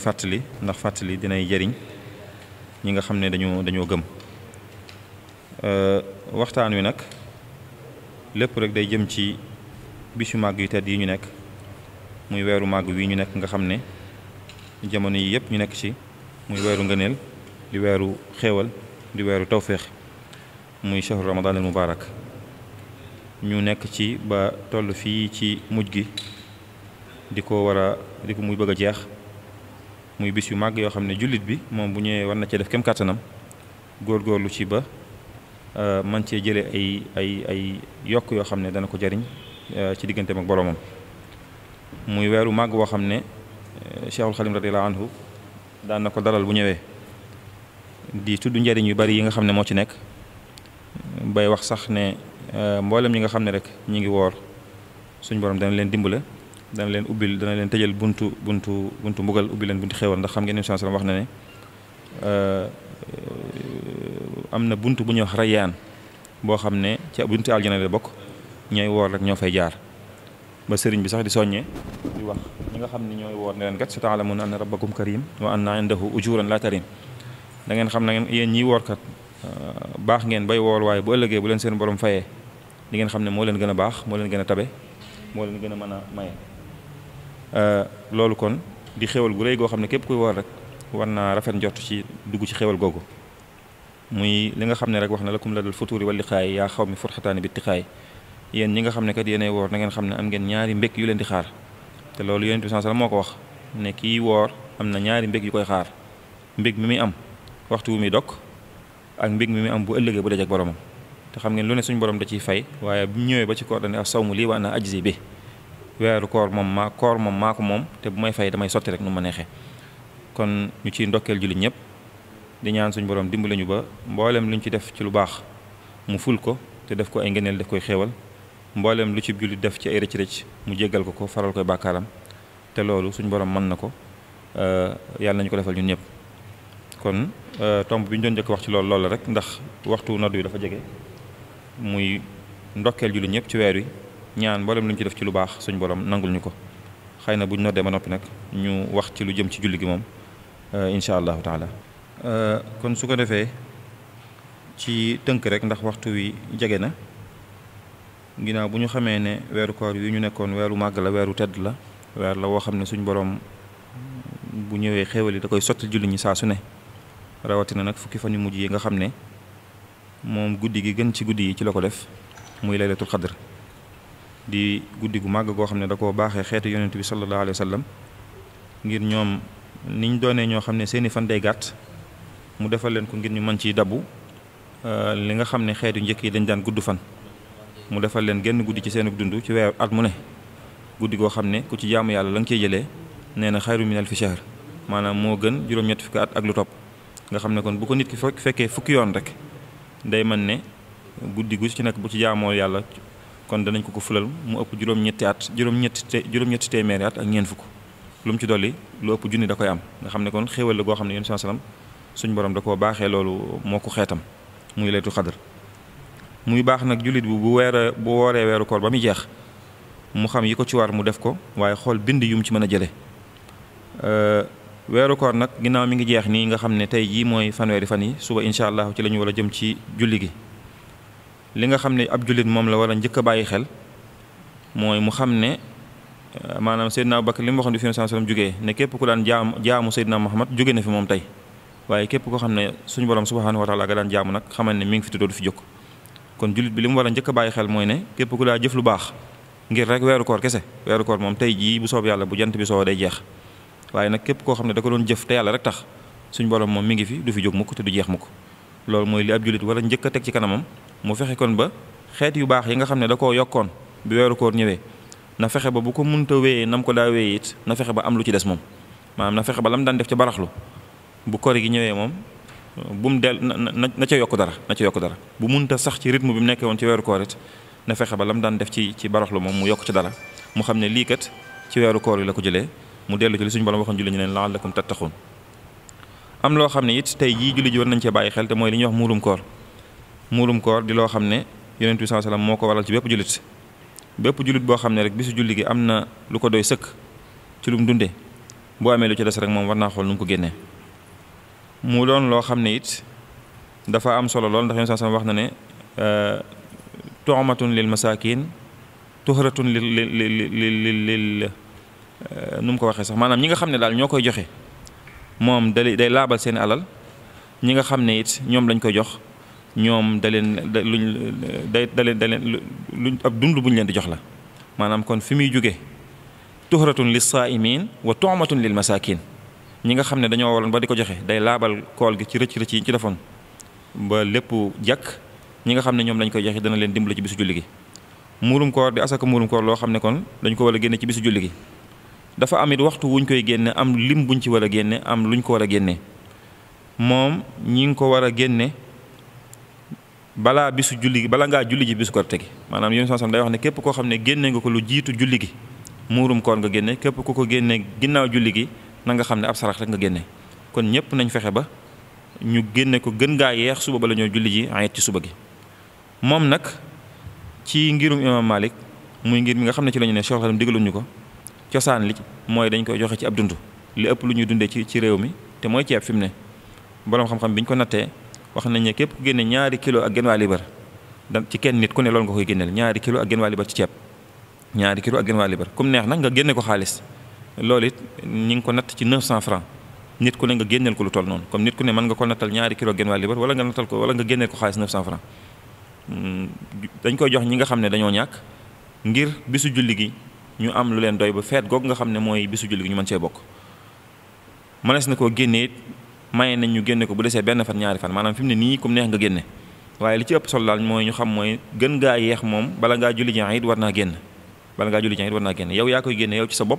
fàttali ndax fàttali dinay jariñ ñi nga xam ne dañoo dañoo gëm euh, waxtaan wi nag lépp rek day jëm ci bisu màgg yu tedd yi ñu nekk muy weeru màgg wi ñu nekk nga xam ne jamono yi yëpp ñu nekk ci muy weeru ngëneel di weeru xéewal di weeru tawféex muy shahru ramadan al ñu nekk ci ba toll fii ci mujj gi di ko war a di ko muy bëgg a jeex muy bis yu màgg yoo xam ne jullit bi moom bu ñëwee war na cee def kem kàttanam góorgóorlu ci ba euh, man cee jëlee ay ay ay yokk yoo xam ne dana ko jariñ euh, ci digganteem ak boromam muy weeru màgg woo xam ne euh, Cheikhul Xalim la anhu daan na ko dalal bu ñëwee di tudd njariñ yu bari yi nga xam ne moo ci nekk bay wax sax ne mboolem ñi nga xam ne rek ñi ngi woor suñ borom dana leen dimbale dana leen ubbil dana leen tëjal buntu buntu buntu mbugal ubbi leen buntu xéewal ndax xam ngeen ne wax na ne euh, am na bunt bu ñuy wax rayaan boo xam ne ca buntu aljana la bokk ñooy woor rek ñoo fay jaar ba sëriñ bi sax di soññee di wax ñi nga xam ne ñooy woor ne leen kat sa taalamuuna anna rabbakum karim wa anna indahu ujuran la tarim da ngeen xam na ngeen yéen ñiy woor kat euh, baax ngeen bay woor waaye bu ëllëgee bu leen seen borom fayee di ngeen xam ne moo leen gën a baax moo leen gën a tabe moo leen gën a mën a maye Euh, loolu kon di xewal gu rëy goo xam ne képp kuy war rek war naa rafet njort ci dugg ci xewal googu muy li nga xam ne rek wax na la kum la dal futuuri wa liqaay yaa xaw mi furxataani bi tixaay yéen ñi nga xam ne kat yéenay woor na ngeen xam ne am ngeen ñaari mbég yu leen xaar te loolu yonent bi sallallahu alayhi wasallam moo ko wax ne kii woor am na ñaari mbég yu koy xaar mbég mi muy am waxtu wu muy dog ak mbég mi muy am bu ëllëgee bu dajak boromam te xam ngeen lu ne suñu borom da ciy fay waaye ñëwee ba ci koor dane as sawmu lii wa ana ajzi bi weeru koor moom maa koor moom maa ko moom te bu may fay damay sotti rek nu ma neexee kon ñu ciy ndokkeel jullit ñëpp di ñaan suñu borom dimbali ñu ba mboolem lu ñu ci def ci lu baax mu ful ko te def ko ay ngëneel def koy xewal mboolem lu ci jullit def ci ay rëcc rëcc mu jéggal ko ko faral koy bàkkaaram te loolu suñu borom mën na ko euh, yàlla nañu ko defal ñun ñëpp kon euh, tomb bi ñu doon njëkk wax ci loolu loolu rek ndax waxtu nodd wi dafa jege muy ndokkeel jullit ñëpp ci weer wi ñaan mboolem lu ñu ci def ci lu baax suñ borom nangul ñu ko xëy na bu ñu noddee ba noppi nag ñu wax ci lu jëm ci julli gi moom euh, incha allahu taala. Euh, kon su ko defee ci tënk rek ndax waxtu wi jege na ginnaaw bu ñu xamee ne weeru koor yi ñu nekkoon weeru màgg la weeru tedd la weer la woo xam ne suñ boroom bu ñëwee xéewal yi da koy sotti julli ñi saa su ne rawatina nag fukki fan yu mujj yi nga xam ne moom guddi gi gën ci guddi yi ci la ko def muy laylatul xadr di guddi gu màgg goo xam ne da ko baaxee xeetu yonent bi sallallahu alayhi wa sallam ngir ñoom niñ doonee ñoo xam ne seen i fan day gàtt mu defal leen ko ngir ñu mën ciy dabbu euh, li nga xam ne xeetu njëkk yi dañ daan gudd fan mu defal leen genn guddi ci seen dund ci weer at mu ne guddi goo xam ne ku ci jaamu yàlla la nga cee jëlee nee na xayru min alfi shahr maanaam moo gën juróom-ñett fukki at ak lu topp nga xam ne kon bu ko nit ki fekkee fukki yoon rek day mën ne guddi gu ci nekk bu ci jaamoo yàlla kon danañ ko ko fulal mu ëpp juróom-ñetti at juróom-ñetti te juróom-ñetti téeméeri at ak ñeent fukk lu mu ci dolli lu ëpp junni da koy am nga xam ne kon xéewal la goo xam ne yéen sallam suñ borom da ko baaxee loolu moo ko xeetam muy laytu xadar muy baax nag jullit bi bu weer bu wooree weeru koor ba muy jeex mu xam yi ko ci war mu def ko waaye xool bind yu mu ci mën a jëlee weeru koor nag ginnaaw mi ngi jeex nii nga xam ne tey jii mooy fanweeri fan yi suba incha allah ci la war a jëm ci julli gi li nga xam ne ab jullit moom la war a njëkk a bàyyi xel mooy mu xam ne euh, maanaam Seydina Abubakar li mu waxoon di fi mu sallam jógee ne képp ku daan jaamu jaamu Seydina Muhammad jóge na fi moom tey waaye képp koo xam ne suñu borom subhaanahu wa taala nga daan jaamu nag xamal ne mi ngi fi tuddoo du fi jóg li mu war a njëkk bàyyi xel mooy ne képp ku daa jëf lu baax ngir rek weeru koor kese weeru koor moom tey jii bu soob yàlla bu jant bi soo day jeex waaye nag képp koo xam ne da ko doon jëf te yàlla rek tax suñu borom moom mi ngi fi du fi jóg mukk te du jeex mukk loolu mooy li ab jullit njëkk a teg ci kanamam mu fexe kon ba xeet yu baax yi nga xam ne da koo yokkoon bi weeru koor ñëwee na fexe ba bu ko munta wéyee nam ko daa wéyee it na fexe ba am lu ci des moom maanaam na fexe lam daan def ci baraxlu bu koor gi ñëwee moom bu mu del na na ca yokk dara na ca yokk dara bu munta sax ci rythme bi mu nekkee woon ci weeru koor it na fexe ba lam daan def ci ci baraxlu moom mu yokk ci dara mu xam ne lii kat ci weeru koor yi la ko jëlee mu dellu ci li suñu borom waxoon julli ñu leen la'allakum tattaxun am loo xam ne it tey jii julli ji war nañ cee bàyyi xel te mooy li ñuy wax muurum koor muurum koor di loo xam ne yonent bi sallallahu moo ko waral ci bépp jullit bépp jullit boo xam ne rek bisu julli gi am na lu ko doy sëkk ci lu mu dunde boo amee lu ci des rek moom war naa xool nu mu ko génnee mu doon loo xam ne it dafa am solo lool ndax yonent sallallahu alayhi wax na ne euh, tu'matun lil masaakin tuhratun lil lil lil lil euh, nu mu ko waxee sax maanaam ñi nga xam ne daal ñoo koy joxe moom day day laabal seen alal ñi nga xam ne it ñoom lañ koy jox ñoom da leen luñ day da leen da leen luñ ab dund bu ñu leen di jox la maanaam kon fi muy jóge tuhratun lis saaimin wa tu'matun lil masaakin ñi nga xam ne dañoo waroon ba di ko joxe day laabal kool gi ci rëcc rëcc yi ci defoon ba lépp jàkk ñi nga xam ne ñoom lañ koy joxe dana leen dimbali ci bisu julli gi muurum koor di asaka muurum koor loo xam ne kon dañ ko war a génne ci bisu julli gi dafa am it waxtu wuñ koy génne am lim buñ ci war a génne am luñ ko war a génne moom ñi ngi ko war a génne balaa bisu julli gi bala ngaa julli ji bisu korite gi maanaam yéen sansam day wax ne képp ko xam ne génne nga ko lu jiitu julli gi muurum koor nga génne képp ku ko génne ginnaaw julli gi nanga nga xam ne ab sarax rek nga génne kon ñëpp nañ fexe ba ñu génne ko gën ngaa yeex suba bala ñoo julli ji ayet ci suba gi moom nag ci ngirum imam Malik muy ngir mi nga xam ne ci la ne Cheikh Xadim digaluñu ko cosaan li mooy dañ koy joxe ci ab dund li ëpp lu ñuy dundee ci ci réew mi te mooy fi mu ne boroom xam-xam ko nattee wax nañ ne képp ku génne ñaari kilo ak genn waa libar ci kenn nit ku ne loolu nga koy génneel ñaari kilo ak genn waa libar ci ceeb ñaari kilo ak genn waa libar kum neex nag nga génne ko xaalis lool it ñi ngi ko natt ci 900 francs nit ku ne nga génneel ko lu toll noonu comme nit ku ne mën nga ko nattal ñaari kilo ak genn waa libar wala nga nattal ko wala nga génneel ko xaalis 900 francs hmm, dañ koy jox ñi nga xam ne dañoo ñàkk ngir bisu julli gi ñu am lu leen doy ba feet googu nga xam ne mooy bisu julli ñu mën cee bokk maye nañ ñu génne ko bu desee benn fan ñaari fan maanaam fi mu ne nii comme neex nga génne waaye li ci ëpp solo daal mooy ñu xam mooy gën ngaa yeex moom bala ngaa julli jaan it war naa génn bala ngaa julli jaan war naa génn yow yaa koy yow ci sa bopp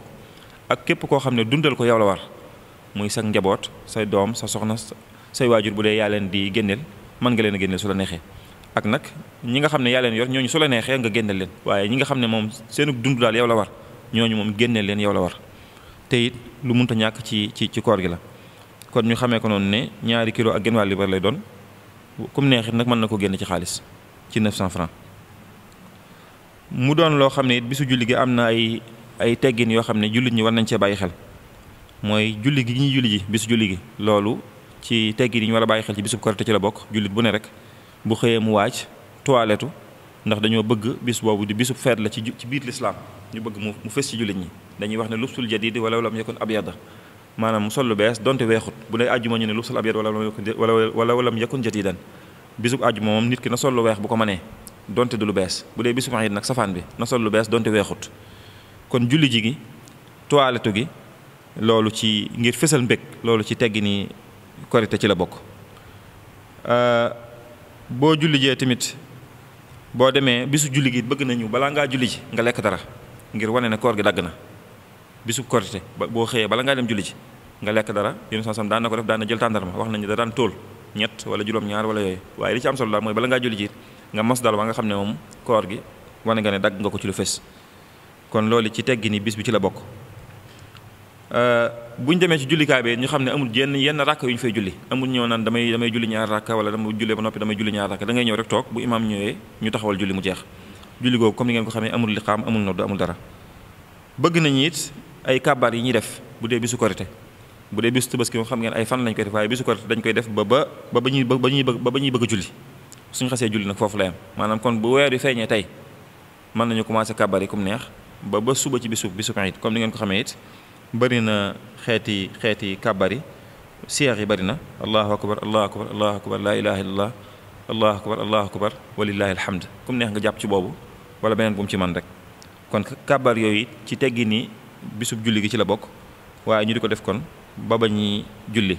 ak képp koo xam ne dundal ko yow la war muy sa njaboot say doom sa soxna say waajur bu dee yaa leen di génneel mën nga leen a génneel su la neexee ak nag ñi nga xam ne yaa leen ñooñu su la neexee nga génneel leen waaye ñi xam ne moom seenu dund daal yow la war ñooñu moom génneel leen yow la war te it lu munta ñàkk ci ci ci koor gi la kon ñu xamee ko noonu ne ñaari kilo ak genn wàll libar lay doon kum neexit nag mën na ko génn ci xaalis ci 900 francs mu doon loo xam ne it bisu julli gi am na ay ay teggin yoo xam ne jullit ñi war nañ cee bàyyi xel mooy julli gi ñuy julli ji bisu julli gi loolu ci teggin yi ñu war a bàyyi xel ci bisu korite ci la bokk jullit bu ne rek bu xëyee mu waaj toiletu ndax dañoo bëgg bis boobu di bisub feet la ci ci biir lislaam ñu bëgg mu mu fës ci jullit ñi dañuy wax ne lubsul jadid wala lam yakun abyada maanaam sol lu bees donte weexut bu dee àjjuma ñu ne lu sol ab yat wala wala wala mu yakun jadidan bisu àjjuma moom nit ki na sol lu weex bu ko mënee donte du lu bees bu dee bisub iid nag safaan bi na sol lu bees donte weexut kon julli ji gi toiletu gi loolu ci ngir fësal mbég loolu ci teggi ni korite ci la bokk euh, boo julli jee tamit boo demee bisu julli gi bëgg nañu balaa ngaa julli ji nga lekk dara ngir wane ne koor gi dagg na bisub korité boo xëyee bala ngaa dem julli ci nga lekk dara yéen sansam daan na ko def daan na jël tàndarma wax nañu da daan tóol ñett wala juróom-ñaar wala yooyu waaye li ci am solo daal mooy bala ngaa julli ci nga mos dal ba nga xam ne moom koor gi wane nga ne dagg nga ko ci lu fes kon loolu ci teggi ni bis bi ci la bokk euh, bu ñu demee ci jullikaay bi ñu xam ne amul yenn yenn rakk yu ñu fay julli amul ñëw naan damay damay julli ñaar rakk wala dama jullee ba noppi damay julli ñaar rakk da ngay ñëw rek toog bu imaam ñëwee ñu taxawal julli mu jeex julli googu comme ni ngeen ko xamee amul liqaam amul nodd amul ay kàbbaar yi ñuy def bu dee bisu korite bu dee bisu tabaski moom xam ngeen ay fan lañ koy def waaye bisu korite dañ koy def ba ba ba ba ñuy ba ba ñuy bëgg julli suñu xasee julli nag foofu la yam maanaam kon bu weer wi feeñee tey mën nañu commencé kàbbaar yi comme neex ba ba suba ci bisu bisu it comme ni ngeen ko xamee it bëri na xeeti xeeti kàbbaar yi siyaar yi bëri na allahu akbar allahu akbar allahu akbar laa ilaha illallah allahu akbar allahu akbar walillahi alhamd comme neex nga jàpp ci boobu wala beneen bu mu ci man rek bisub julli gi ci la bokk waaye ñu di ko def kon baba ñi julli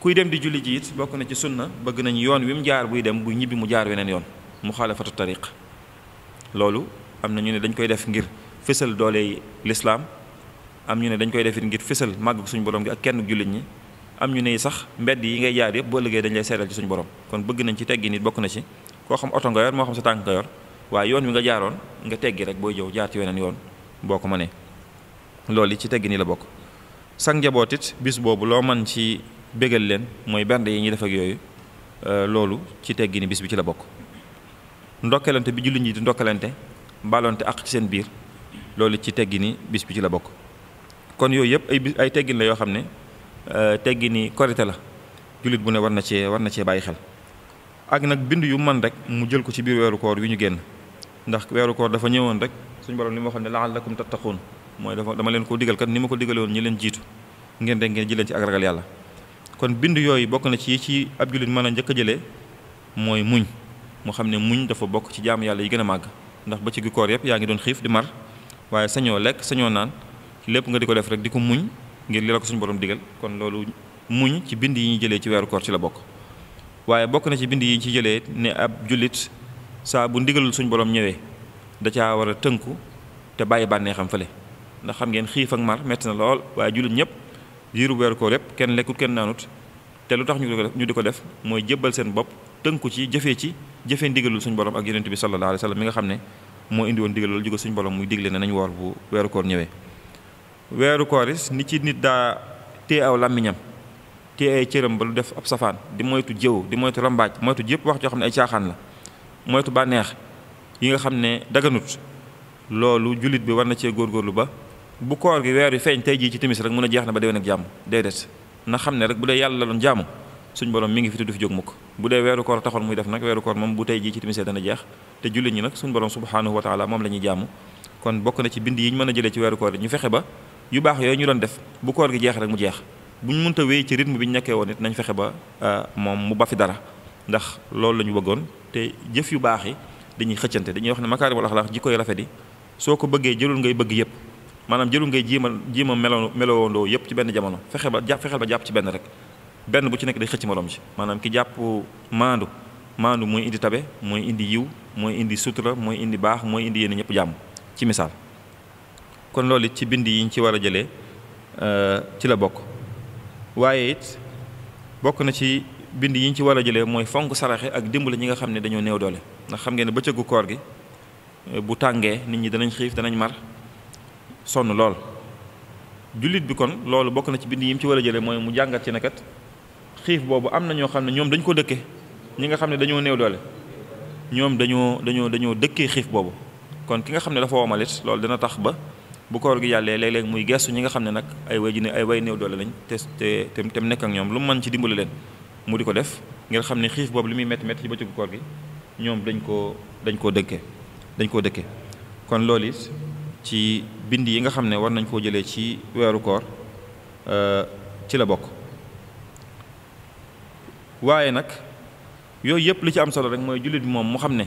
kuy dem di julli jiit bokk na ci sunna bëgg nañu yoon wi mu jaar buy dem bu ñibbi mu jaar weneen yoon mu xaalafatu tariq loolu am na ñu ne dañ koy def ngir fësal dooley lislaam am ñu ne dañ koy def it ngir fësal màgg suñu borom gi ak kenn jullit ñi am ñu ne sax mbedd yi ngay jaar yëpp boo liggéey dañ lay seetal ci suñu borom kon bëgg nañ ci teggi nit bokk na ci koo xam oto nga yor moo xam sa yoon wi nga jaaroon nga teggi booy jëw jaar ci weneen yoon boo ko mënee lool yi ci tegg ni la bokk sang njaboot it bis boobu loo man ci bégal leen mooy bernde yi ñuy def ak yooyu euh, loolu ci teggi ni bis bi ci la bokk ndokkelante bi jullit ñi di ndokkelante balonte ak seen biir loolu ci teggi ni bis bi ci la bokk kon yooyu yëpp ay bis ay teggin la yoo xam ne euh, teggi ni korite la jullit bu ne war na cee war na cee bàyyi xel ak nag bind yu man rek mu jël ko ci biir weeru koor wi ñu génn ndax weeru koor dafa ñëwoon rek suñu borom li mu waxoon ne la'allakum tattaquun mooy dafa dama leen ko digal kat ni ma ko digale woon ñi leen jiitu ngeen de ngeen jëlee ci ak ragal yàlla kon bind yooyu bokk na ci ci ab jullit mën a njëkk a jëlee mooy muñ mu xam ne muñ dafa bokk ci jaamu yàlla yi gën a màgg ndax ba ci gi koor yëpp yaa ngi doon xiif di mar waaye sañoo lekk sañoo naan lépp nga di ko def rek di ko muñ ngir li la ko suñu borom digal kon loolu muñ ci bind yi ñuy jëlee ci weeru koor ci la bokk waaye bokk na ci bind yi ñu jëlee ne ab jullit saa bu ndigalul suñu borom ñëwee da caa war a tënku te bàyyi bànnee xam fële ndax xam ngeen xiif ak mar metti na lool waaye jullit ñëpp jiiru weeru koor yëpp kenn lekkut kenn naanut te lu tax ñu di ko def mooy jébbal seen bopp tënku ci jëfee ci jëfee ndigalul suñu borom ak yonent bi sallallahu alayhi wa sallam nga xam ne moo indi woon ndigalul jóge suñu borom muy digle ne nañu woor bu weeru koor ñëwee ni ci nit daa téye aw làmmiñam téye ay cëram def ab safaan di moytu jëw di moytu rambaaj moytu jëpp wax joo ne ay caaxaan la moytu bànneex yi nga xam ne daganut loolu jullit bi war na cee góorgóorlu ba bu koor gi weer feeñ tey jii ci timis rek mun a jeex na ba déwén ak jàmm déedéet na xam ne rek bu dee yàlla la doon jaamu suñ borom mi ngi fi te du fi jóg mukk bu dee weeru koor taxoon muy def nag weeru koor moom bu tey jii ci timisee dana jeex te jullit ñi nag suñ borom subhanahu wa moom la ñuy kon bokk na ci bind yi ñu mën a jëlee ci weeru koor yi ñu fexe ba yu baax yooyu ñu doon def bu koor gi jeex rek mu jeex buñ mënta wéy ci ri bi ñu nekkee woon it nañ fexe ba euh, moom mu ba dara ndax loolu la ñu bëggoon te jëf yu baax yi dañuy xëccante dañuy wax ne makaarimul axlaaq ji koy rafet yi soo ko bëggee jëlul ngay bëgg maanaam jëlu ngay jiima a jéem a melo melowondoo yëpp ci benn jamono fexe ba jàpp fexeel ba jàpp ci benn rek benn bu ci nekk day xëcc morom ci maanaam ki jàpp maandu maandu mooy indi tabe mooy indi yiw mooy indi sutura mooy indi baax mooy indi yéen ñëpp jàmm ci misaal kon loolu it ci bind yi ñu ci war a jëlee euh, ci la bokk waaye it bokk na ci bind yi ñu ci war a jëlee mooy fonk saraxe ak dimbali ñi nga xam ne dañoo new doole ndax xam ngeen ne bëccëgu koor gi bu tàngee nit ñi danañ xiif danañ mar sonn lool jullit bi kon loolu bokk na ci bind yi ci war a jële mooy mu jàngat ci nakat xiif boobu am na ñoo xam ne ñoom dañu ko dëkke ñi nga xam ne dañoo néew doole ñoom dañoo dañoo dañoo dëkkee xiif boobu kon ki nga xam ne dafa womalit loolu dina tax ba bu koor yàllee léeg-léeg muy gestu ñi nga xam ne nag ay way ji ay way néew doole lañ te te te nekk ak ñoom lu mu mën ci dimbali leen mu di ko def ngir xam ne xiif boobu li muy métti métti ci bëccëgu ñoom dañ koo dañ koo dëkkee dañ koo dëkkee kon loolu it ci bind yi nga xam ne war nañ koo jëlee ci weeru koor euh, ci la bokk waaye nag yooyu yëpp li ci am solo rek mooy jullit bi moom mu xam ne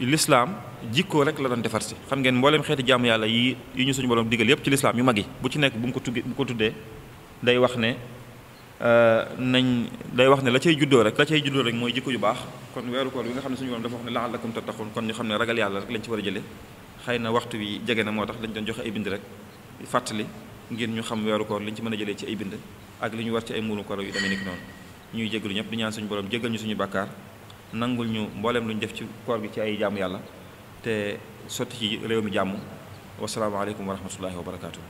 lislaam jikkoo rek la doon defar si xam ngeen mbooleem xeeti jaamu yàlla yi yi ñu suñu borom digal yëpp ci lislaam yu mag yi bu ci nekk bu mu ko tuggee bu ko tuddee day wax ne euh, nañ day wax ne la cay juddoo rek la cay juddoo rek mooy jikko yu baax kon weeru koor bi nga xam ne suñu borom dafa wax ne la'allakum tattaqun kon ñu xam ne ragal yàlla rek lañ war a jëlee xëy na waxtu wi jege na moo tax dañ doon joxe ay bind rek fàttali ngir ñu xam weeru koor liñ ci mën a jëlee ci ay bind ak li ñu war ci ay mbuurum koor yu demee ni ki noonu ñuy jégalu ñëpp di ñaan suñu borom jégal ñu suñu bàkkaar nangul ñu mbooleem lu ñu def ci koor gi ci ay jaamu yàlla te sotti ci réew mi jàmm wasalaamaaleykum wa rahmatullahi wa barakaatu.